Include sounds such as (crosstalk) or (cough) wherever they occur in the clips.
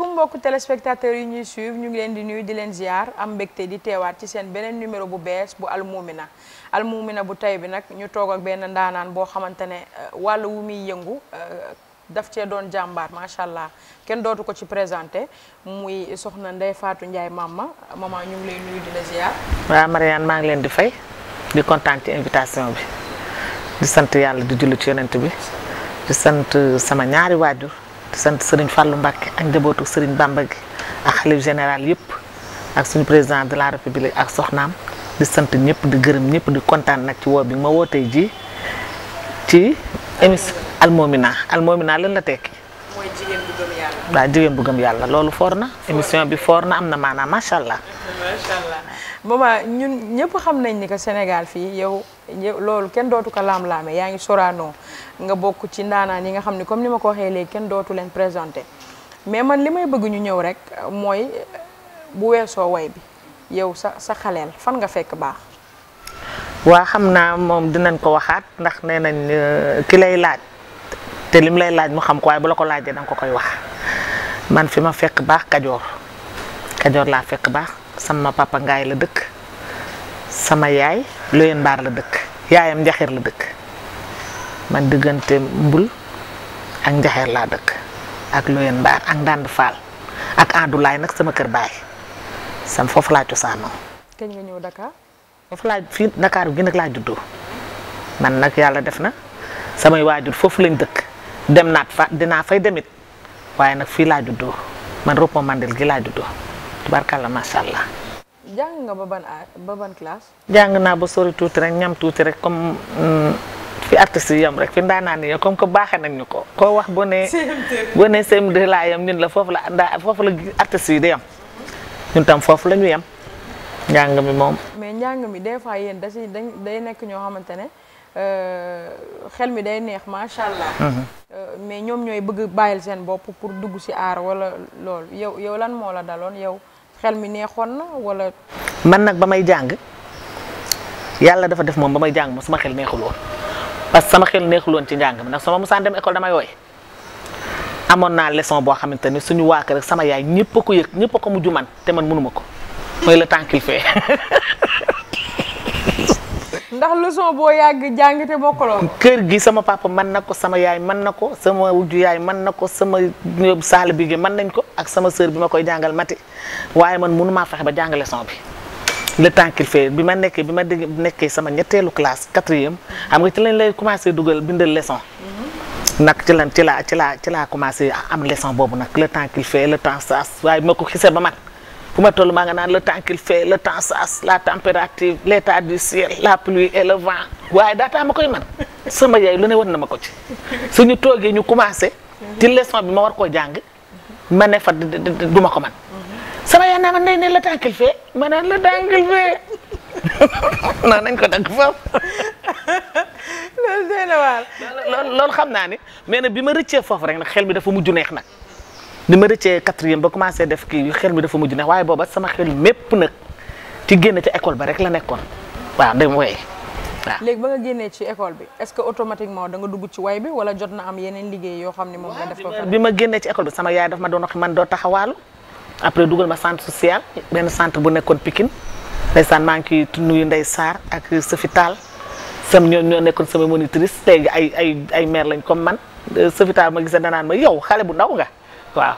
asalaamaaleykum mbokku téléspectateurs yi ñuy suivre ñu ngi leen di nuyu di leen ziar am mbégte di teewaat ci seen beneen numéro bu bees bu almuumina almuumina bu tey bi nag ñu toog ak benn ndaanaan boo xamante ne euh, wàll wu muy yëngu euh, daf cee doon jàmbaar macha allah kenn dootu ko ci présenté muy soxna Ndeye Fatou Ndiaye mama maman ñu ngi lay nuyu di la ziar. waaw maa ngi leen di fay di kontaan ci invitation bi di sant yàlla di julli ci yonent bi di sant sama ñaari waajur. sant Serigne Fallou Mbacke ak njabootu Serigne Bamba gi ak xalif général yëpp ak suñu président de la république ak soxnaam di sant ñëpp di gërëm ñëpp di kontaan nag ci woo bi ma wootee ji ci émission Al Moumina Al Moumina lan la tekki. waaw jigéen bu gëm yàlla loolu foor na émission bi foor na am na maanaam macha allah. macha ñun ñëpp xam nañ ni que Sénégal fii yow loolu kenn dootu ko laam-laame yaa ngi soraanoo nga bokk ci ndaanaan yi nga xam ne comme ni ma ko waxee léegi kenn dootu leen présenté mais man li may bëgg ñu ñëw rek mooy bu weesoo way bi yow sa sa xaleel fan nga fekk baax. waa xam naa moom dinañ ko waxaat ndax nee nañ euh, ki lay laaj. te lim lay laaj mu xam ko waaye bu la ko laajee da ko koy wax man fi ma fekk baax kajoor kajoor laa fekk baax sama papa ngaay la dëkk sama yaay Loyen Baar la dëkk yaayam njaxeer la dëkk man diggante mbul ak njaxeer laa dëkk ak Loyen Baar ak Ndande Fall ak Andulaay nag sama kër baay foofu laa cosaanoo. foofu laa fii Dakar gi nag laa juddoo man nag yàlla def na samay waajur foofu lañ dëkk. dem naat fa dinaa fay demit waaye nag fii laa juddoo man Ropo Mandel gi laa juddoo tubaarkàlla macha allah. jàng nga ba ban ba ban classe. jàng naa ba sori tuuti rek ñam tuuti rek comme mm, fi artistes yi yam rek fi naan yi comme que baaxee nañ ñu ko. koo wax boo nee boo nee cm laa yam ñun la foofu la ndaa foofu la artistes yi di yam ñun tam foofu la ñu yam njàng mi moom. mais njàng mi des fois yéen da si day nekk ñoo xamante ne euh, xel mi day neex macha allah. Mm-hmm. mais ñoom ñooy bëgg bàyyil seen bopp pour dugg si aar walla loolu yow yow lan moo la daloon yow xel mi neexoon na walla. man nag ba may jàng yàlla dafa def moom ba may jàng moom sama xel neexul woon parce que sama xel neexul woon ci njàng mi ndax sama musaan dem école damay woy amoon naa leçon boo xamante ne suñu waa rek sama yaay ñëpp a ko yëg ñëpp ko mujj man te man mënuma ko mooy la temps fait (laughs) ndax leçon boo yàgg jàng te mokkaloon kër gi sama papa man na ko sama yaay man na ko sama wujju yaay man na ko sama saal bi gi nañ ko ak sama sœur bi ma koy jàngal mati waaye man mënu maa fexe ba jàng leçon bi le temps qu'il bi ma nekkee bi ma dégg nekkee sama ñetteelu classe quatrième xam nga ci lañ lay commencé dugal bindal leçon mm-hmm. nag ci lan ci laa ci laa ci laa commencé am leçon boobu nag le temps qu'il fait le temps waaye bi ma ko xisee ba mag fu ma toll maa nga naan le temps qu'il fait le temps sas la température du ciel la pluie et waaye daataa ma koy man sama yaay lu ne wan na ma ko ci suñu toogee ñu commencé ci leçon bi ma war koo jàng ma ne fa du ma ko man sama yaay naa ma ndey ne le temps qu'il fait ma naan le temps qu'il fait (laughs) non nañ ko dagg foofu (laughs) loolu loolu xam naa ne mee na bi ma rëccee foofu rek nag xel mi dafa mujj neex na ni ma rëccee quatrième ba commencé def kii xel mi dafa mujj neex waaye booba sama xel mépp nag ci génn ci école ba rek la nekkoon waaw dem way waaw léegi ba nga génnee ci école bi est-ce que automatiquement da nga dugg ci way bi wala na am yeneen liggéey yoo xam ne bi ma génnee ci école bi sama yaay daf ma doon wax man doo taxawaalu après dugal ma centre social benn centre bu nekkoon Pikine ndeysaan maa ngi ciy nuyu Ndeye Sarr ak Sophie Tall ñoo ñoo nekkoon sama monitrice léegi ay ay ay mère lañ kom man Sophie Tall ma gisee danaan ma yow xale bu ndaw nga waaw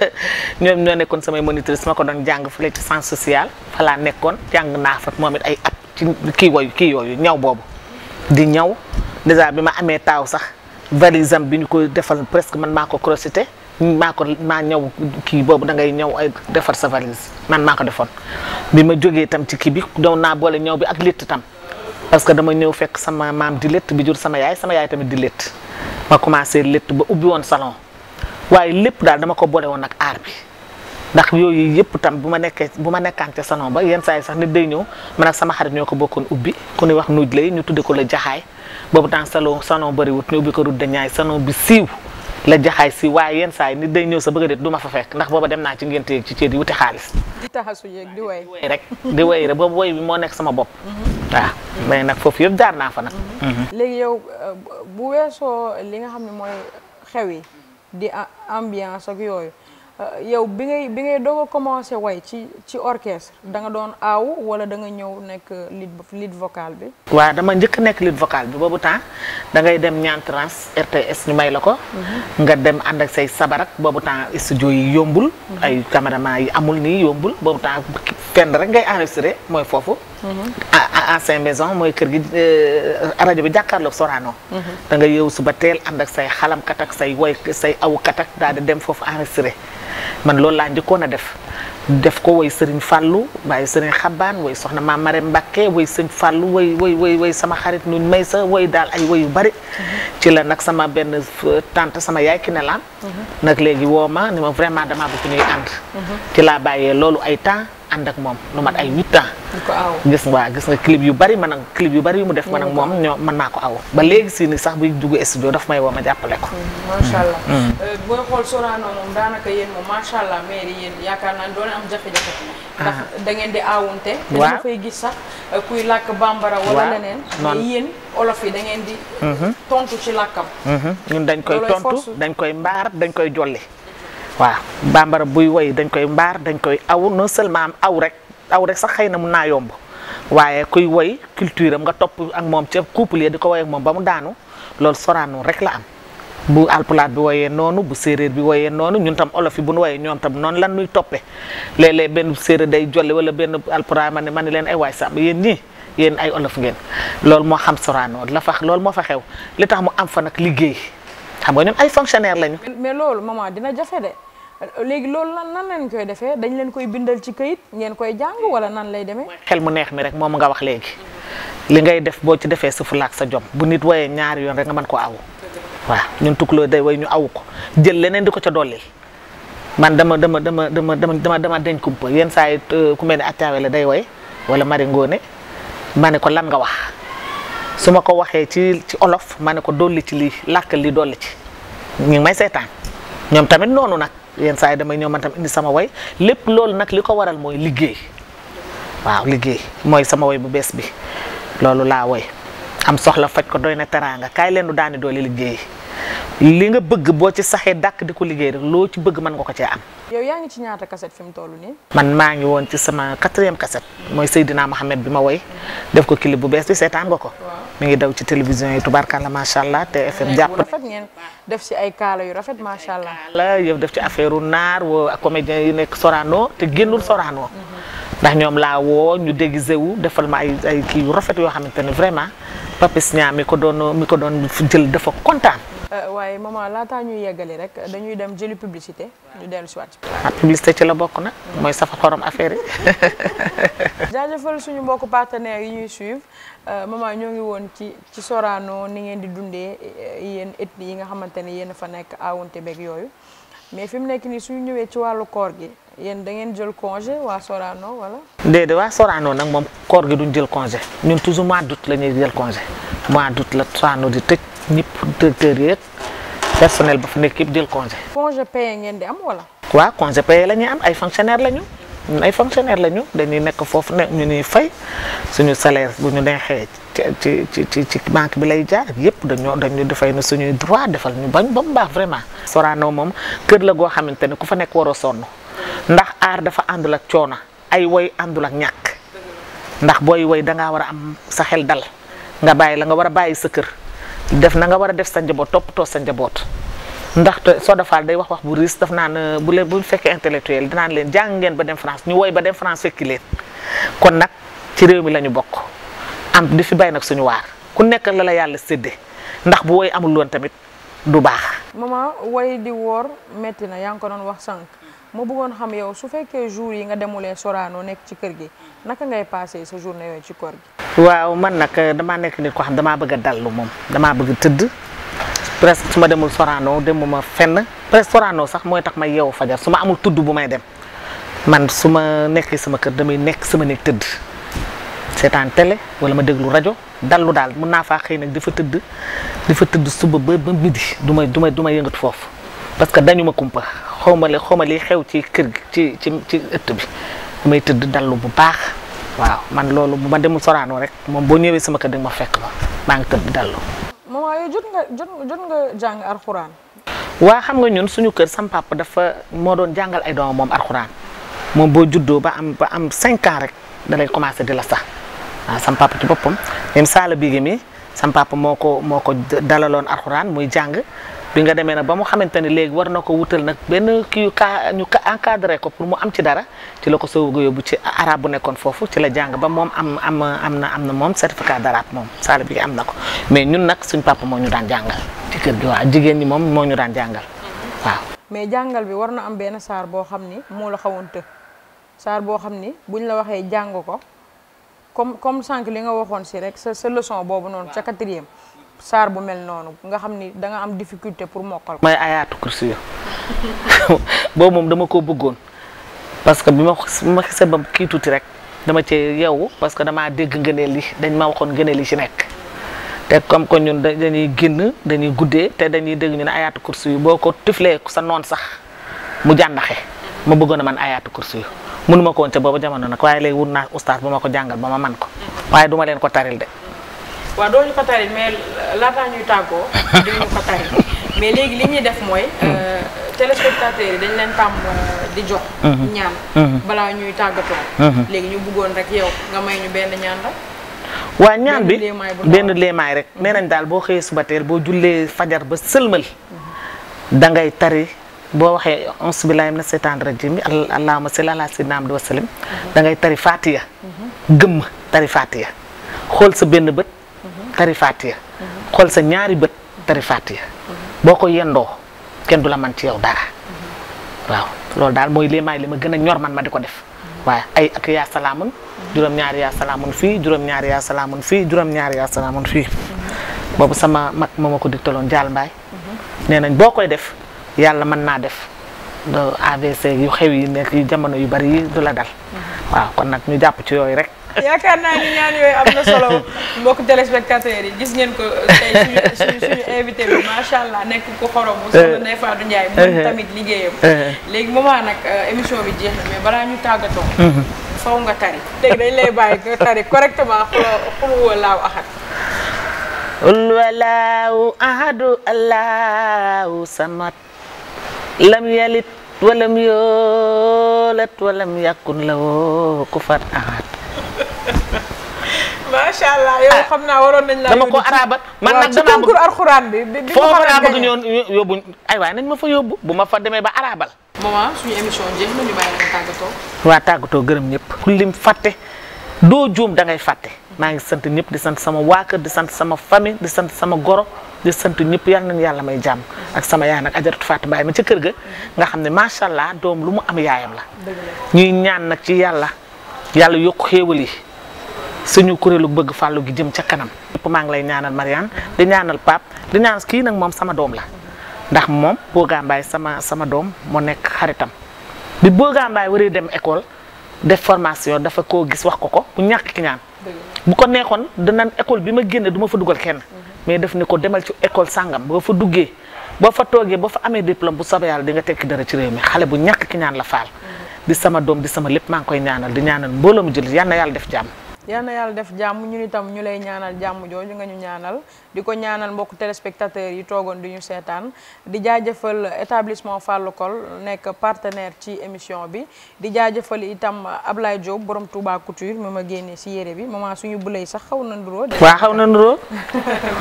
(laughs) ñoom ñoo nekkoon samay monitrice ma ko doon jàng fële ci sens social fa nekkoon jàng naa fa moom it ay at ci kii woyu kii yooyu ñaw boobu di ñaw dèjà bi ma amee taaw sax valise bi ñu ko defal presque man maa ko crocheté maa ko maa ñëw kii boobu da ngay ñëw ay defar sa valise man maa ko defoon bi ma jógee tam ci kii bi doon naa boole ñëw bi ak létt tam parce que dama ñëw fekk sama maam di létt bi jur sama yaay sama yaay tamit di létt ma commencé létt ba ubbi woon salon waaye lépp daal dama ko boole woon ak aar bi ndax yooyu yëpp tam bu ma nekkee bu ma nekkaan ca salon ba yenn saa sax nit day ñëw ma ak sama xarit ñoo ko bokkoon ubbi ku ñuy wax nuuj lay ñu tudde ko la jaxaay boobu temps salon salon bëriwut ñu ubbi ko rudde ñaay salon bi siiw la si waaye yenn saa yi nit day ñëw sa bëgg a déet du ma fa fekk ndax booba dem naa ci ngénte yeeg ci ceet yi wuti xaalis di taxasu yeeg di rek di way rek boobu way moo nekk sama bopp mm-hmm. waaw mais nag foofu yëpp jaar naa fa nag mm-hmm. Mm-hmm. léegi yow euh, bu weesoo li nga xam ne mooy xew yi di ambiance ak yooyu euh, yow bi ngay bi ngay doog commencé way ci ci orchestre da nga doon aaw wala da nga ñëw nekk lead lead vocal bi. waa dama njëkk nekk lead vocal bi boobu temps dangay dem ñaan trans RTS ñu may la ko. Mhm. nga dem ànd ak say sabarak boobu temps studio yi yombul. Mhm. ay cameraman yi amul nii yombul boobu temps fenn rek ngay enregistré mooy foofu. Mhm. à saint maison mooy kër gi euh, rajo bi jàkkaarloog Sorano. Mhm. da nga yow suba teel ànd ak say xalamkat say woy say awukat ak daal di foofu enregistré man loolu laa njëkkoon a def. ko woy Serigne Fallou waaye Serigne Xabaan woy soxna maam Marème Mbacke woy sëñ Fallou woy woy woy woy sama xarit nuñ may sa woy daal ay yu bari. Mhm. ci la nag sama benn euh, tante sama yaay ki ne laan nag léegi woo ma ni ma vraiment dama bëgg ñuy ànd. ci laa bàyyee loolu ay temps. ànd ak moom lu mat ay huit ans gis nga gis nga clip yu bari man ak clip yu bari yu mu def man ak moom ñoo mën naa ko aw ba léegi si sax buy dugg studio daf may woo ma jàppale ko mm, macha allah mm. Mm. Euh, booy macha allah mais yéen yaakaar naa doo leen am jafe-jafe ah. ndax da ngeen di aawunte dama gis sax euh, kuy làkk bambara wala leneen mais yéen olof yi da di mm-hmm. tontu ci làkkam mm-hmm. ñun dañ koy tontu dañ koy mbaar dañ koy jolli waaw bambara buy woy dañ koy mbaar dañ koy aw non seulement am aw rek aw rek sax xëy na mun naa yomb waaye kuy woy culture am nga topp ak moom ca couple di ko woy moom ba mu daanu loolu soraanoo rek la am bu alpulaat bi woyee noonu bu séeréer bi woyee noonu ñun tam olof yi bu nu woyee ñoom tam noonu lan nuy toppee léeg-léeg benn séeréer day jolle wala benn alpulaat ma ne ma ne leen ay waay sàmm yéen ñii yéen ay olof ngeen loolu moo xam soraanoo la fax loolu moo fa xew li tax mu am fa liggéey xam nga ñoom ay fonctionnaire lañu. mais loolu maman dina jafe de léegi loolu lan nan lañ koy defee dañ leen koy bindal ci kayit ngeen koy jàng wala nan lay demee. xel mu neex mi rek moom nga wax léegi li ngay def boo ci defee sa fulla sa jom bu nit wayee ñaari yoon rek nga man ko awu. waaw ñun tukkuloo day way ñu awu ko jël leneen di ko ca dollil man dama dama dama dama dama dama dañ kumpa yenn saa yi euh, ku mel ne Atta la day way wala Mari ngoone ma ne ko lan nga wax. su ma ko waxee ci ci olof ma ne ko dolli ci li làkkal li dolli ci ñu may seetaan ñoom tamit noonu nag yenn saa yi damay ñëw man tam indi sama way lépp loolu nag li ko waral mooy liggéey waaw liggéey mooy sama way bu bees bi loolu laa woy am soxla faj ko doy na teraanga kaay leen du daani doole liggéey li nga bëgg boo ci saxee dàkk di ko liggéey rek loo ci bëgg man nga ko cee am. yaa ngi ci ñaata cassette fi mu nii. man maa ngi woon ci sama quatrième cassette. mooy Seydina Mohamed bi ma woy def ko clip bu bees bi seetaan nga ko. mi ngi daw ci télévision yi tubaarkàlla macha allah TFM jàpp na. rafet ngeen def si ay kaala yu rafet macha allah. la yow def ci affaire naar woo ak yu nekk Sorano te génnul Sorano. Mm-hmm. ndax ñoom laa woo ñu déguisé wu defal ma ay ay kii yu rafet yoo xamante ne vraiment Papis Niang mi ko doon mi ko doon jël dafa kontaan. waaye maman laataa ñuy yeggali rek dañuy dem jëli publicité ñu dellu si waat ah, publicité ci la bokk na mm-hmm. mooy safa xorom affaire yi (laughs) jaajëfal suñu mbokku partenaires yi ñuy suivre euh, maman ñoo ngi woon ci ci Sorano ni ngeen di dundee euh, yéen ethnie yi nga xamante ne yéen fa nekk awunte beeg yooyu mais fi mu nekk nii suñu ñëwee ci wàllu koor gi yéen da ngeen jël congé waa Sorano wala. déedéet waa Sorano nag moom koor gi duñ jël congé ñun toujours mois d'août la ñuy jël congé mois d'août di tëj ñëpp directeur yeeg personnel ba fa nekk yëpp jël congé. congé payé ngeen di am wala. waaw congé payé am ay fonctionnaire la ñu ay fonctionnaire la ñu dañuy nekk foofu ne ñu ñuy fay suñu salaire bu ñu neexee ci ci ci ci banque bi lay jaar yëpp dañoo dañu defay na suñuy droit defal ñu bañ ba mu baax vraiment. Sorano moom kër la goo xamante ne ku fa nekk waroo sonn ndax aar dafa àndul ak coona ay woy àndul ak ñàkk ndax booy woy da war a am sa xel dal nga bàyyi la nga war a bàyyi sa kër. def na nga war a def sa njaboot too sa njaboot ndaxte Soda Fall day wax wax bu riis daf naan euh, bu leen bu fekkee intellectuel dinaan leen jàng ngeen ba dem France ñu woy ba dem France fekki leen kon nag ci réew mi la ñu bokk am di fi bay nag suñu waar ku nekk la la yàlla séddee ndax bu woy amul woon tamit du baax. maman woy di woor métti na yaa ngi ko doon wax sànq ma bëggoon xam yow su fekkee jour yi nga demulee Sorano nekk ci kër gi naka ngay passé sa waaw man nag eh, damaa nekk nit ko xam damaa bëgg dallu moom damaa bëgg tëdd presque su ma demul Sorano demuma fenn presque Sorano sax mooy tax ma yeewu fajar su ma amul tudd bu may dem man su ma nekkee sama kër damay nekk sama nekk tëdd seetaan tele wala ma déglu rajo dallu daal mun naa faa xëy nag dafa tëdd dafa tëdd suba ba midi du may du may du may yëngatu foofu parce que dañu ma kumpa xaw ma li xaw ma li xew ci kër gi ci ci ci ëtt bi damay tëdd dallu bu baax waaw man loolu bu ma mu soraanoo rek moom boo ñëwee sama kër da ma fekk ma maa ngi tëdd dallu. maman yow jot nga jàng alxuraan. waa xam nga ñun suñu kër sam dafa moo doon jàngal ay doomam moom alxuraan moom boo juddoo ba am ba am 5 rek dalay lay commencé di la sax waaw ci boppam même Sala Bigué mi moo ko moo ko dalaloon alxuraan muy jàng. bi nga demee nag ba mu xamante ne léegi war na ko wutal nag benn kii ka ñu encadré ko pour mu am ci dara ci la ko soog a yóbbu ci arabe bu nekkoon foofu ci la jàng ba moom am am am na am na moom certificat d'arabe moom saal bi am na ko mais ñun nag suñ papa moo ñu daan jàngal ci kër gi waaw jigéen ñi moom moo ñu daan jàngal waaw. mais jàngal bi war na am benn saar boo xam ni moo la xawoon të saar boo xam ni buñ la waxee jàng ko comme comme sànq li nga waxoon si rek sa sa boobu noonu ca saar bu mel noonu nga xam ni da nga am difficulté pour mokkal ko. may ayaatu kursi (laughs) boo moom dama ko bëggoon parce que bi ma ma xisee ba kii tuuti rek dama cee yeewu parce que damaa dégg ngëneel yi dañ ma waxoon ngëneel yi ci nekk. te comme que ñun dañuy génn dañuy guddee te dañuy dëgg ñu ne ayaatu kursi yu boo ko tiflee sa noon sax mu jàndaxe ma bëggoon a man ayaatu kursi yu mënuma ko woon ca booba jamono nag waaye léegi wut naa ustaas bu ma ko jàngal ba ma man ko waaye duma leen ko taril de. waaw doo ñu ko tari mais laataa ñuy tàggoo. (laughs) doo ñu ko tari mais léegi li ñuy def mooy. Hmm. Euh, téléspectateurs yi dañ leen tàmm euh, di jox. Hmm. ñaan. Hmm. balaa ñuy tàggatoo. léegi ñu bëggoon rek yow nga may ñu benn ñaan rek. waa ñaan bi benn léemaay rek nee nañ daal boo xëyee suba teel boo jullee fajar ba sëlmal dangay tari boo waxee ons billahi mina seytaan rajim bi allahumma salli ala sayyidina Muhammad wa sallim da ngay tari fatiya gëmm tari fatiya xool sa benn bët tari faatiya xool sa ñaari bët tari faatiya boo ko yendoo kenn du la man ci yow dara waaw loolu daal mooy léemaay li ma gën a ñor man ma di ko def waaye ay ak yaa salaamun juróom-ñaari yaa salaamun fii juróom-ñaari yaa salaamun fii juróom-ñaari yaa salaamun boobu sama mag ma ma ko digtaloon jaal mbaay nee nañ boo koy def yàlla mën naa def AVC yu xew yi nekk yu jamono yu bari yi du la dal waaw kon nag ñu jàpp ci yooyu rek yaakaar naa ni ñaan yooyu am na solo mbokk téléspectateurs yi gis ngeen ko tey suñu invité bi macha allah nekk ku xorom bu soxna Ndeye Fatou Ndiaye moom tamit liggéeyam eh, eh, eh. léegi moment nag euh, émission bi jeex na mais balaa ñu tàggatoo mhm. faw nga tari léegi dañ lay bàyyi nga tari correctement xulo xuluwa laaw axat ul walaawu ahadu allahu samad lam yalit walam yoolat walam yàkkun la woo ku fat macha allah yow ah. xam naa waroon nañ la ko araba man nag dama bëgg alxuraan bi foofu ma fa yóbbu bu ma fa demee ba arabal maman suñu waa tàggatoo gërëm ñëpp ku lim fàtte doo juum da ngay fàtte maa ngi sant ñëpp di sant sama waa kër di sant sama famille di sant sama goro di sant ñëpp yal nañ yàlla may jàmm ak sama yaay nag ajaratu Fatou Mbaye ma ci kër ga nga xam ne macha allah doom lu mu am yaayam la ñuy ñaan nag ci yàlla yàlla yokk xéewal yi suñu kuréelu bëgg fàllu gi jëm ca kanam. lépp maa ngi lay ñaanal Mariane di ñaanal Pape di kii nag moom sama doom la ndax moom Boga Mbaye sama sama doom moo nekk xaritam bi Boga Mbaye waree dem école def formation dafa koo gis wax ko ko bu ñàkk ki ñaan. bu ko neexoon danañ école bi ma génne du ma fa dugal kenn. mais def ni demal ci école sàngam boo fa duggee boo fa toogee boo fa amee diplôme bu soobee yàlla di nga tekki dara ci réew mi xale bu ñàkk ki ñaan la faal. di sama doom di sama lépp maa koy ñaanal di ñaanal mbooloo mu jullit yal na yàlla def jàmm. yal yàlla def jàmm ñun itam ñu lay ñaanal jàmm jooju nga ñu ñaanal di ko ñaanal mbokk téléspectateurs yi toogoon di ñu seetaan di jaajëfal établissement Fallou Col nekk partenaire ci émission bi di jaajëfal itam Ablaye Diop borom Touba Couture moo ma génnee si yére bi maman suñu bulay sax xaw na nduróo waa xaw na nduróo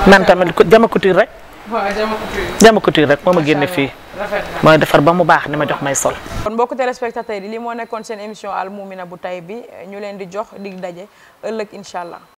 man (laughs) tamit jama couture rek waaw jama jama couture rek moo ma génne fii mooy defar ba mu baax ni ma jox may sol. kon mbokku téléspectateurs yi lii moo nekkoon seen émission Al na bu tay bi ñu leen di jox dig daje ëllëg incha allah.